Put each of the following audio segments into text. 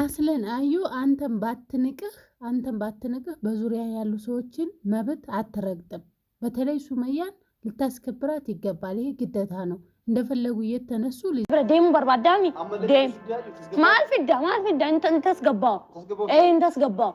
አስለን አዩ አንተን ባትንቅህ አንተን ባትንቅህ በዙሪያ ያሉ ሰዎችን መብት አትረግጥም። በተለይ ሱመያን ልታስከብራት ይገባል። ይሄ ግደታ ነው። እንደፈለጉ እየተነሱ ደሙ በርባዳሚ ዴም ማልፊዳ ማልፊዳ እንተስገባው እንተስገባው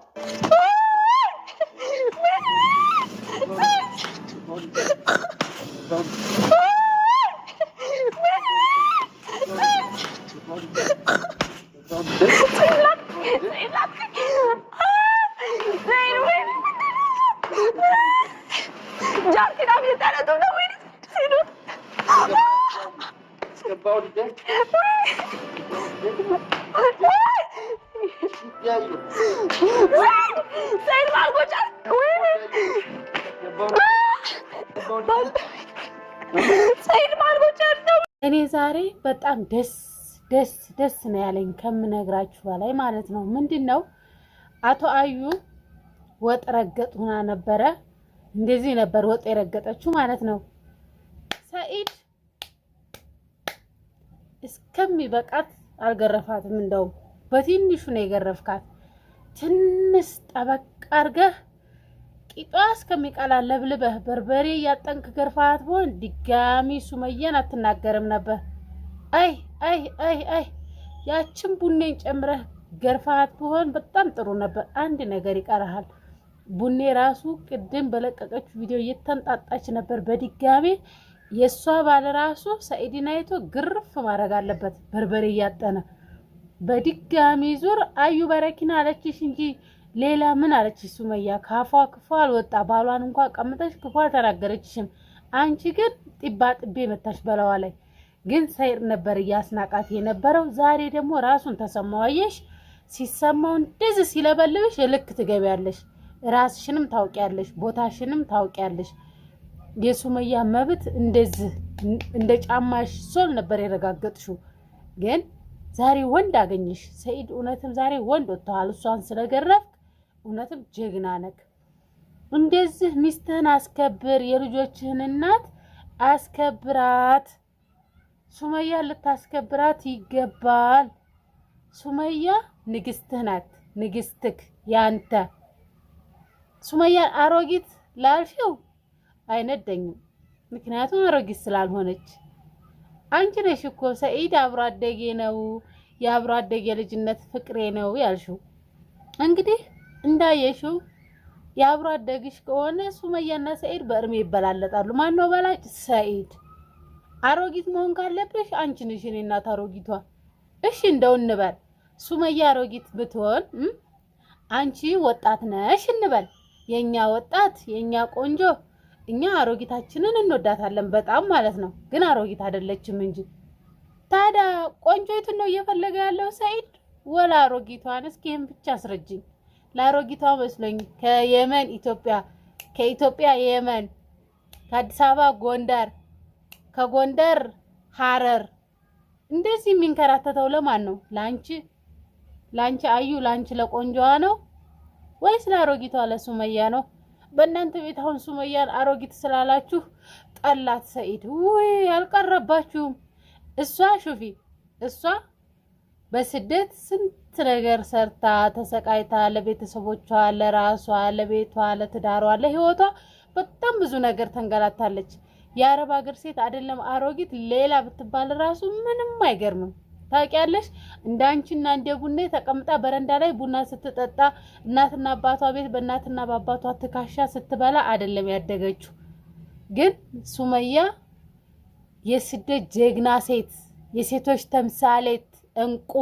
ሰይድ ማልጎቻቸው እኔ ዛሬ በጣም ደስ ደስ ደስ ነው ያለኝ ከምነግራችሁ በላይ ማለት ነው። ምንድን ነው አቶ አዩ ወጥ ረገጥ ሆና ነበረ። እንደዚህ ነበር ወጥ የረገጠችው ማለት ነው። ሰኢድ እስከሚበቃት አልገረፋትም። እንደውም በትንሹ ነው የገረፍካት። ትንሽ ጠበቅ አድርገህ ቂጧ እስከሚቀላ ለብልበህ በርበሬ እያጠንክ ገርፋት ብሆን ድጋሚ ሱመየን አትናገርም ነበር። አይ አይ አይ አይ ያችን ቡኔን ጨምረህ ገርፋት ብሆን በጣም ጥሩ ነበር። አንድ ነገር ይቀርሃል። ቡኔ ራሱ ቅድም በለቀቀች ቪዲዮ እየተንጣጣች ነበር። በድጋሚ የእሷ ባለ ራሱ ሰኢድን አይቶ ግርፍ ማድረግ አለበት። በርበሬ እያጠነ በድጋሚ ዙር አዩ በረኪና አለችሽ እንጂ ሌላ ምን አለች ሱመያ? ካፏ ክፉ አልወጣ ባሏን እንኳ ቀምጠች ክፉ አልተናገረችሽም። አንቺ ግን ጢባ ጥቤ መታሽ በለዋ ላይ ግን ሰይር ነበር እያስናቃት የነበረው። ዛሬ ደግሞ ራሱን ተሰማው። አየሽ ሲሰማው እንደዚህ ሲለበልብሽ ልክ ትገቢያለሽ። ራስሽንም ታውቂያለሽ፣ ቦታሽንም ታውቂያለሽ። የሱመያ መብት እንደዚህ እንደ ጫማሽ ሶል ነበር የረጋገጥሽው። ግን ዛሬ ወንድ አገኘሽ ሰኢድ። እውነትም ዛሬ ወንድ ወጥተዋል እሷን ስለገረፍ እውነትም ጀግና ነክ። እንደዚህ ሚስትህን አስከብር፣ የልጆችህን እናት አስከብራት። ሱመያ ልታስከብራት ይገባል። ሱመያ ንግስትህ ናት፣ ንግስትክ ያንተ። ሱመያን አሮጊት ላልሽው አይነደኝም፣ ምክንያቱም አሮጊት ስላልሆነች። አንቺ ነሽ እኮ ሰኢድ አብሮ አደጌ ነው የአብሮ አደጌ ልጅነት ፍቅሬ ነው ያልሽው እንግዲህ እንዳየሽው የአብሮ አደግሽ ከሆነ ሱመያና ሰኢድ በእድሜ ይበላለጣሉ። ማነው በላጭ? ሰኢድ። አሮጊት መሆን ካለብሽ አንቺ ነሽ የእኔ እናት አሮጊቷ። እሺ እንደው እንበል ሱመያ አሮጊት ብትሆን አንቺ ወጣት ነሽ እንበል። የኛ ወጣት የኛ ቆንጆ እኛ አሮጊታችንን እንወዳታለን በጣም ማለት ነው። ግን አሮጊት አይደለችም እንጂ ታዲያ ቆንጆይቱን ነው እየፈለገ ያለው ሰኢድ ወላ አሮጊቷን? እስኪ ይህን ብቻ አስረጅኝ። ለአሮጊቷ መስሎኝ ከየመን ኢትዮጵያ፣ ከኢትዮጵያ የመን፣ ከአዲስ አበባ ጎንደር፣ ከጎንደር ሐረር እንደዚህ የሚንከራተተው ለማን ነው? ለአንቺ ለአንቺ አዩ ለአንቺ ለቆንጆዋ ነው ወይስ ለአሮጊቷ ለሱመያ ነው? በእናንተ ቤት አሁን ሱመያን አሮጊት ስላላችሁ ጠላት ሰኢድ። ውይ አልቀረባችሁም። እሷ ሹፊ እሷ በስደት ስንት ነገር ሰርታ ተሰቃይታ ለቤተሰቦቿ፣ ለራሷ፣ ለቤቷ፣ ለትዳሯ፣ ለህይወቷ በጣም ብዙ ነገር ተንገላታለች። የአረብ ሀገር ሴት አይደለም አሮጊት ሌላ ብትባል ራሱ ምንም አይገርምም። ታውቂያለሽ እንደ አንቺና እንደ ቡኔ ተቀምጣ በረንዳ ላይ ቡና ስትጠጣ እናትና አባቷ ቤት በእናትና በአባቷ ትካሻ ስትበላ አይደለም ያደገችው። ግን ሱመያ የስደት ጀግና ሴት፣ የሴቶች ተምሳሌት እንቁ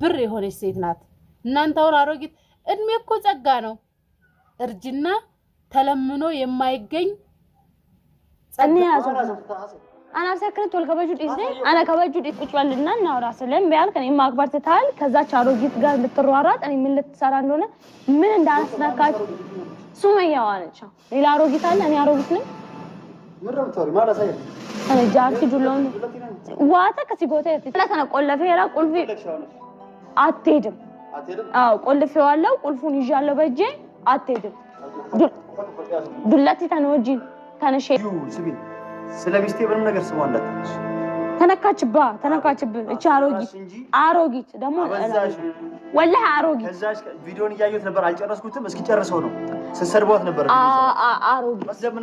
ብር የሆነች ሴት ናት። እናንተ አሁን አሮጊት እድሜ እኮ ጸጋ ነው። እርጅና ተለምኖ የማይገኝ ጸጋ አና ሰክረት ወል ከበጁ ዲስ አና ከበጁ ዲስ ቁጭ በልና እናውራ። ስለም ቢያልክ እኔ ማክበር ትታል ከዛች አሮጊት ጋር ልትሯሯጥ እኔ ምን ልትሰራ እንደሆነ ምን እንዳስነካች ሱመያዋ ነች። ሌላ አሮጊት አለ። እኔ አሮጊት ነኝ። kana jaarsi julloon waata akkasii goota jechuudha. kana qollafeera qulfi atteedum. አዎ ቆልፌዋለሁ። ቁልፉን ይዣለሁ በእጄ አትሄድም። ዱለቲ ተነ ወጂን ተነሽ ስለ ሚስቴ ምንም ነገር ስሟ እንዳትነሽ ተነካችባ ተነካችብን። እቺ አሮጊት አሮጊት ደግሞ ወላሂ አሮጊት ቪዲዮን እያየሁት ነበር፣ አልጨረስኩትም። እስኪ ጨርሰው ነው ስትሰድቧት ነበር። አሮጊት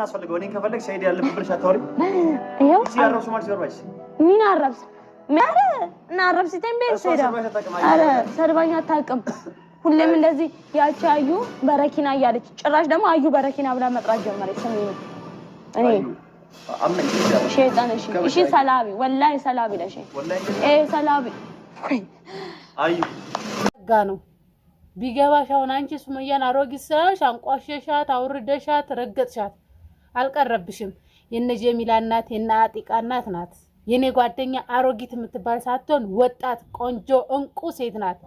አታውቅም። ሁሌም እንደዚህ ያቺ አዩ በረኪና እያለች ጭራሽ ደግሞ አዩ በረኪና ብላ መጥራት ጀመረች። እኔ ሸይጣን እሺ፣ ሰላቢ ወላሂ ሰላቢ ለሽ እ ሰላቢ ጋ ነው ቢገባሽ። አሁን አንቺ ሱመያን አሮጊት ሳይሆንሽ አንቋሸሻት፣ አውርደሻት፣ ረገጥሻት አልቀረብሽም። የነ ጀሚላ እናት የነ አጢቃ እናት ናት። የኔ ጓደኛ አሮጊት የምትባል ሳትሆን ወጣት ቆንጆ እንቁ ሴት ናት።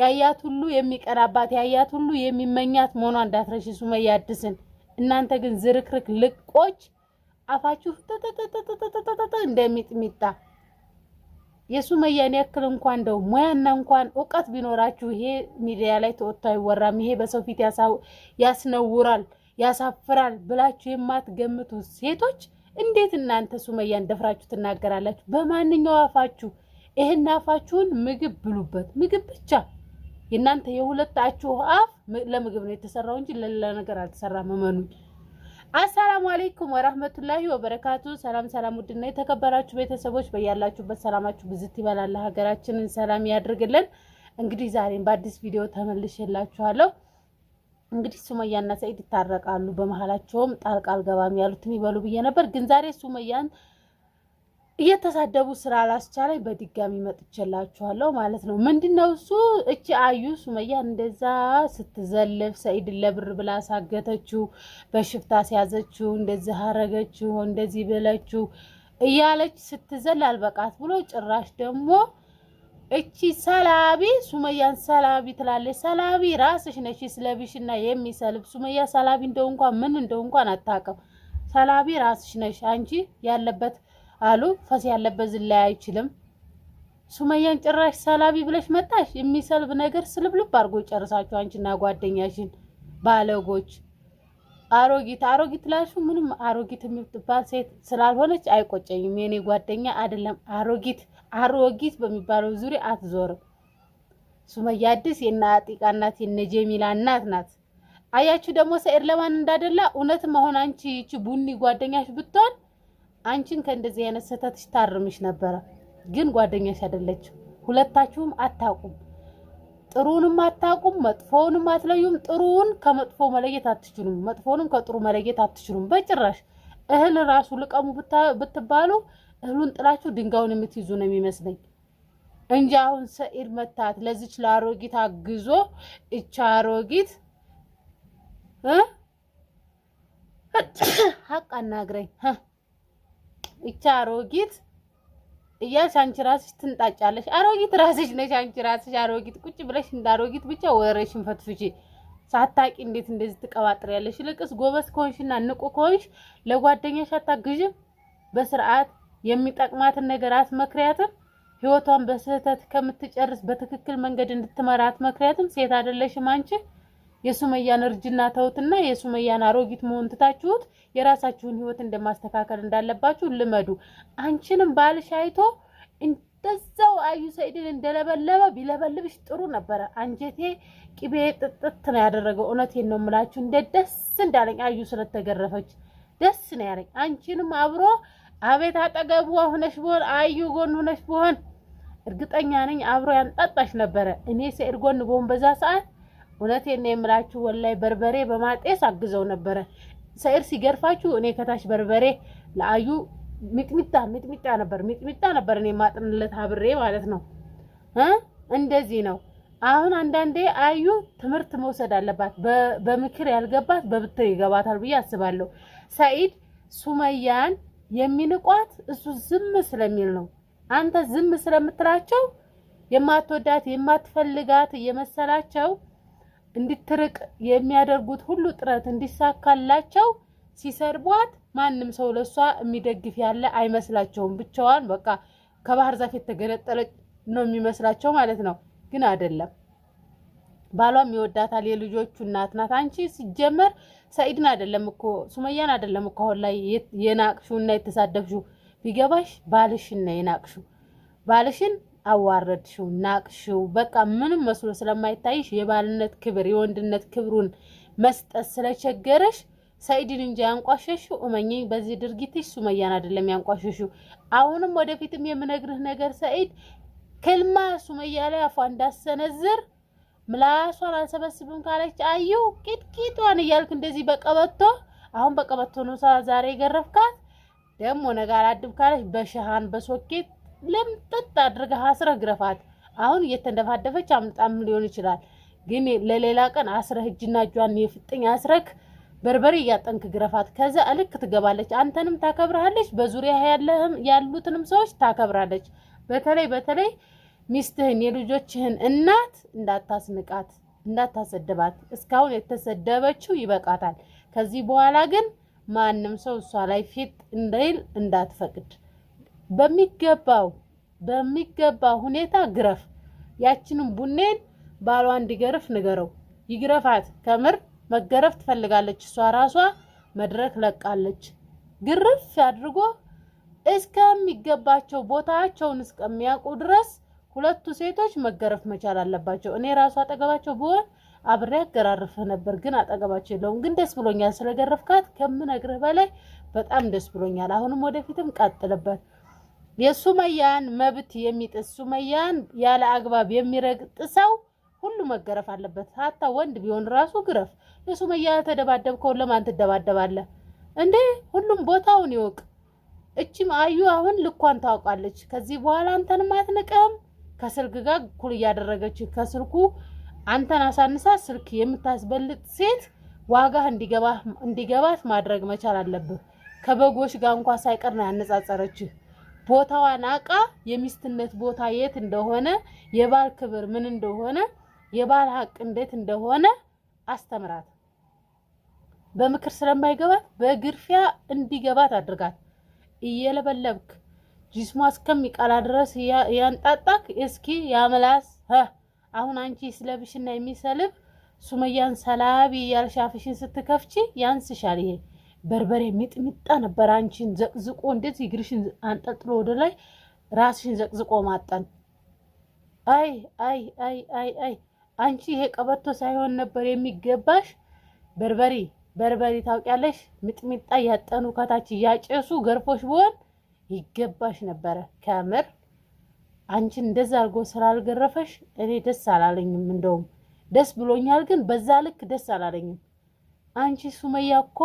ያያት ሁሉ የሚቀናባት ያያት ሁሉ የሚመኛት መሆኗ እንዳትረሽ ሱመያ አዲስን። እናንተ ግን ዝርክርክ ልቆች አፋችሁ እንደሚጥሚጣ የሱመያን ያክል እንኳን እንደው ሙያና እንኳን እውቀት ቢኖራችሁ ይሄ ሚዲያ ላይ ተወጥቶ አይወራም። ይሄ በሰው ፊት ያስነውራል፣ ያሳፍራል ብላችሁ የማትገምቱ ሴቶች እንዴት እናንተ ሱመያን ደፍራችሁ ትናገራላችሁ? በማንኛው አፋችሁ ይህን አፋችሁን ምግብ ብሉበት፣ ምግብ ብቻ የእናንተ የሁለታችሁ አፍ ለምግብ ነው የተሰራው እንጂ ለሌላ ነገር አልተሰራም። እመኑኝ። አሰላሙ አሌይኩም ወራህመቱላሂ ወበረካቱ። ሰላም ሰላም፣ ውድና የተከበራችሁ ቤተሰቦች በያላችሁበት ሰላማችሁ ብዝት ይበላል። ሀገራችንን ሰላም ያድርግልን። እንግዲህ ዛሬም በአዲስ ቪዲዮ ተመልሼላችኋለሁ። እንግዲህ ሱመያና ሰኢድ ይታረቃሉ፣ በመሀላቸውም ጣልቃ አልገባም ያሉትን ይበሉ ብዬ ነበር፣ ግን ዛሬ ሱመያን እየተሳደቡ ስራ አላስቻላይ በድጋሚ መጥቼላችኋለሁ ማለት ነው። ምንድን ነው እሱ እቺ አዩ ሱመያ እንደዛ ስትዘልፍ ሰኢድ ለብር ብላ ሳገተችው፣ በሽፍታ ሲያዘችው፣ እንደዚህ አረገችው፣ እንደዚህ ብለችው እያለች ስትዘል አልበቃት ብሎ ጭራሽ ደግሞ እቺ ሰላቢ ሱመያን ሰላቢ ትላለች። ሰላቢ ራስሽ ነሽ ስለብሽና የሚሰልብ ሱመያ ሰላቢ እንደው እንኳን ምን እንደው እንኳን አታውቅም። ሰላቢ ራስሽ ነሽ አንቺ ያለበት አሉ ፈስ ያለበት ዝላይ አይችልም። ሱመያን ጭራሽ ሰላቢ ብለሽ መጣሽ። የሚሰልብ ነገር ስልብልብ አድርጎ ጨርሳችሁ አንቺና ጓደኛሽን ባለጎች። አሮጊት አሮጊት ላሹ ምንም አሮጊት የምትባል ሴት ስላልሆነች አይቆጨኝም። የኔ ጓደኛ አይደለም አሮጊት አሮጊት በሚባለው ዙሪያ አትዞርም። ሱመያ አዲስ የእነ አጢቃ እናት ጀሚላ እናት ናት። አያችሁ ደግሞ ሰኢድ ለማን እንዳደላ እውነት መሆን አንቺ ይቺ ቡኒ ጓደኛሽ ብትሆን አንቺን ከእንደዚህ አይነት ስህተትሽ ታርምሽ ነበረ። ግን ጓደኛሽ አይደለችም። ሁለታችሁም አታውቁም። ጥሩንም አታውቁም፣ መጥፎውንም አትለዩም። ጥሩውን ከመጥፎ መለየት አትችሉም፣ መጥፎንም ከጥሩ መለየት አትችሉም በጭራሽ። እህል ራሱ ልቀሙ ብትባሉ እህሉን ጥላችሁ ድንጋዩን የምትይዙ ነው የሚመስለኝ እንጂ አሁን ሰኢድ መታት ለዚች ለአሮጊት አግዞ እቻ አሮጊት ሀቅ አናግረኝ ይቻ አሮጊት እያልሽ አንቺ ራስሽ ትንጣጫለሽ። አሮጊት ራስሽ ነሽ። አንቺ ራስሽ አሮጊት ቁጭ ብለሽ እንደ ብቻ ወሬሽን ፈትፍጪ። ሳታቂ እንዴት እንደዚህ ትቀባጥሪያለሽ? ይልቅስ ጎበዝ ከሆንሽና ንቁ ከሆንሽ ለጓደኛሽ አታግዥም? በስርዓት የሚጠቅማትን ነገር አትመክሪያትም? ህይወቷን በስህተት ከምትጨርስ በትክክል መንገድ እንድትመራ አትመክሪያትም? ሴት አይደለሽም አንቺ? የሱመያን እርጅና ተውትና የሱመያን አሮጊት መሆን ትታችሁት የራሳችሁን ህይወት እንደማስተካከል እንዳለባችሁ ልመዱ። አንቺንም ባልሽ አይቶ እንደዛው አዩ ሰይድን እንደለበለበ ቢለበልብሽ ጥሩ ነበረ። አንጀቴ ቅቤ ጥጥት ነው ያደረገው። እውነቴን ነው የምላችሁ። እንደ ደስ እንዳለኝ አዩ ስለተገረፈች ደስ ነው ያለኝ። አንቺንም አብሮ አቤት አጠገቡ ሁነሽ ብሆን አዩ ጎን ሁነሽ ብሆን እርግጠኛ ነኝ አብሮ ያንጣጣሽ ነበረ። እኔ ሰይድ ጎን በሆን በዛ ሰዓት እውነቴን ነው የምላችሁ። ወላይ በርበሬ በማጤስ አግዘው ነበረ። ሰይር ሲገርፋችሁ እኔ ከታች በርበሬ ለአዩ ሚጥሚጣ ሚጥሚጣ ነበር ሚጥሚጣ ነበር እኔ ማጥንለት አብሬ ማለት ነው። እንደዚህ ነው አሁን አንዳንዴ አዩ ትምህርት መውሰድ አለባት። በምክር ያልገባት በብትር ይገባታል ብዬ አስባለሁ። ሰኢድ ሱመያን የሚንቋት እሱ ዝም ስለሚል ነው። አንተ ዝም ስለምትላቸው የማትወዳት የማትፈልጋት እየመሰላቸው እንድትርቅ የሚያደርጉት ሁሉ ጥረት እንዲሳካላቸው ሲሰድቧት ማንም ሰው ለሷ የሚደግፍ ያለ አይመስላቸውም። ብቻዋን በቃ ከባህር ዛፍ የተገነጠለች ነው የሚመስላቸው ማለት ነው። ግን አይደለም። ባሏም ይወዳታል። የልጆቹ እናት ናት። አንቺ ሲጀመር ሰኢድን አይደለም እኮ ሱመያን አይደለም እኮ አሁን ላይ የናቅሹ እና የተሳደብሹ ቢገባሽ ባልሽን ነው የናቅሹ ባልሽን አዋረድሽው፣ ናቅሽው። በቃ ምንም መስሎ ስለማይታይሽ የባልነት ክብር የወንድነት ክብሩን መስጠት ስለቸገረሽ ሰኢድን እንጂ ያንቋሸሹ፣ እመኝኝ፣ በዚህ ድርጊትሽ ሱመያን አይደለም ያንቋሸሹ። አሁንም ወደፊትም የምነግርህ ነገር ሰኢድ ክልማ ሱመያ ላይ አፏ እንዳሰነዝር ምላሷን አልሰበስብም ካለች አዩ ቂጥቂጧን እያልክ እንደዚህ በቀበቶ አሁን በቀበቶ ነው ዛሬ ገረፍካት፣ ደግሞ ነገ አላድብ ካለች በሸሃን በሶኬት ለምጠጥ አድርገህ አስረህ ግረፋት። አሁን እየተንደፋደፈች አምጣም ሊሆን ይችላል፣ ግን ለሌላ ቀን አስረህ እጅና እጇን የፍጥኝ አስረክ በርበሬ እያጠንክ ግረፋት። ከዛ እልክ ትገባለች፣ አንተንም ታከብርሃለች፣ በዙሪያ ያሉትንም ሰዎች ታከብራለች። በተለይ በተለይ ሚስትህን የልጆችህን እናት እንዳታስንቃት፣ እንዳታሰደባት። እስካሁን የተሰደበችው ይበቃታል። ከዚህ በኋላ ግን ማንም ሰው እሷ ላይ ፊት እንዳይል እንዳትፈቅድ በሚገባው በሚገባ ሁኔታ ግረፍ። ያችንም ቡኔን ባሏ እንዲገርፍ ንገረው። ይግረፋት። ከምር መገረፍ ትፈልጋለች። እሷ ራሷ መድረክ ለቃለች። ግርፍ አድርጎ እስከሚገባቸው ቦታቸውን እስከሚያውቁ ድረስ ሁለቱ ሴቶች መገረፍ መቻል አለባቸው። እኔ ራሱ አጠገባቸው ብሆን አብሬ አገራርፍህ ነበር፣ ግን አጠገባቸው የለውም። ግን ደስ ብሎኛል ስለገረፍካት ከምነግርህ በላይ በጣም ደስ ብሎኛል። አሁንም ወደፊትም ቀጥልበት። የሱመያን መብት የሚጥስ ሱመያን ያለ አግባብ የሚረግጥ ሰው ሁሉ መገረፍ አለበት። ሀታ ወንድ ቢሆን ራሱ ግረፍ። የሱመያ ተደባደብከውን ለማን ትደባደባለ እንዴ? ሁሉም ቦታውን ይወቅ። እችም አዩ አሁን ልኳን ታውቃለች። ከዚህ በኋላ አንተን አትንቅም። ከስልክ ጋር እኩል እያደረገች ከስልኩ አንተን አሳንሳ ስልክ የምታስበልጥ ሴት ዋጋ እንዲገባት ማድረግ መቻል አለብህ። ከበጎች ጋር እንኳ ሳይቀር ነው ያነጻጸረችህ። ቦታዋን አቃ የሚስትነት ቦታ የት እንደሆነ የባል ክብር ምን እንደሆነ የባል ሀቅ እንዴት እንደሆነ አስተምራት። በምክር ስለማይገባት በግርፊያ እንዲገባት አድርጋት። እየለበለብክ ጅስሟ እስከሚቃላ ድረስ ያንጣጣክ። እስኪ ያምላስ አሁን አንቺ ስለብሽና የሚሰልብ ሱመያን ሰላቢ ያልሻፍሽን ስትከፍቺ ያንስሻል ይሄ በርበሬ ሚጥሚጣ ነበር። አንቺን ዘቅዝቆ እንደዚህ እግርሽን አንጠልጥሎ ወደ ላይ ራስሽን ዘቅዝቆ ማጠን። አይ አይ አይ አይ አይ አንቺ ይሄ ቀበቶ ሳይሆን ነበር የሚገባሽ። በርበሬ በርበሬ ታውቂያለሽ፣ ሚጥሚጣ እያጠኑ ከታች እያጨሱ ገርፎሽ ቢሆን ይገባሽ ነበረ ከምር አንቺን እንደዛ አድርጎ ስላልገረፈሽ እኔ ደስ አላለኝም። እንደውም ደስ ብሎኛል፣ ግን በዛ ልክ ደስ አላለኝም። አንቺ ሱመያ እኮ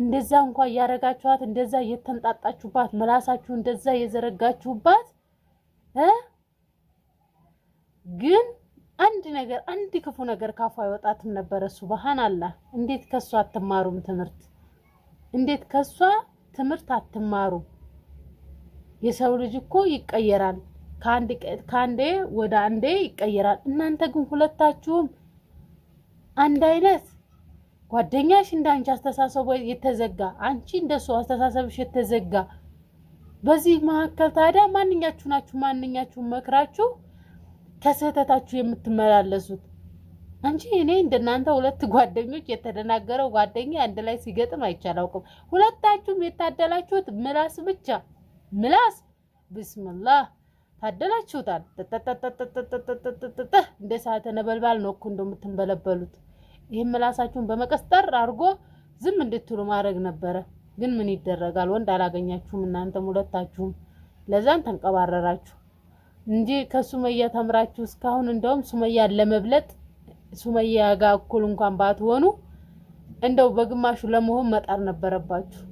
እንደዛ እንኳ እያረጋችኋት እንደዛ እየተንጣጣችሁባት መላሳችሁ እንደዛ እየዘረጋችሁባት እ ግን አንድ ነገር አንድ ክፉ ነገር ካፉ አይወጣትም ነበረ። ሱብሃን አላህ እንዴት ከሷ አትማሩም ትምህርት? እንዴት ከሷ ትምህርት አትማሩም? የሰው ልጅ እኮ ይቀየራል ከአንዴ ወደ አንዴ ይቀየራል። እናንተ ግን ሁለታችሁም አንድ አይነት ጓደኛሽ እንደ አንቺ አስተሳሰቡ የተዘጋ አንቺ እንደሱ አስተሳሰብሽ የተዘጋ። በዚህ መካከል ታዲያ ማንኛችሁ ናችሁ? ማንኛችሁ መክራችሁ ከስህተታችሁ የምትመላለሱት? አንቺ እኔ እንደናንተ ሁለት ጓደኞች የተደናገረው ጓደኛ አንድ ላይ ሲገጥም አይቻላውቅም። ሁለታችሁም የታደላችሁት ምላስ ብቻ ምላስ። ብስምላህ ታደላችሁታል። እንደ ሰዓተ ነበልባል ነው እኮ እንደምትንበለበሉት ይህም ምላሳችሁን በመቀስጠር አድርጎ ዝም እንድትሉ ማድረግ ነበረ። ግን ምን ይደረጋል? ወንድ አላገኛችሁም። እናንተም ሁለታችሁም ለዛን ተንቀባረራችሁ እንጂ ከሱመያ ተምራችሁ እስካሁን እንደውም ሱመያ ለመብለጥ ሱመያ ጋር እኩል እንኳን ባትሆኑ እንደው በግማሹ ለመሆን መጣር ነበረባችሁ።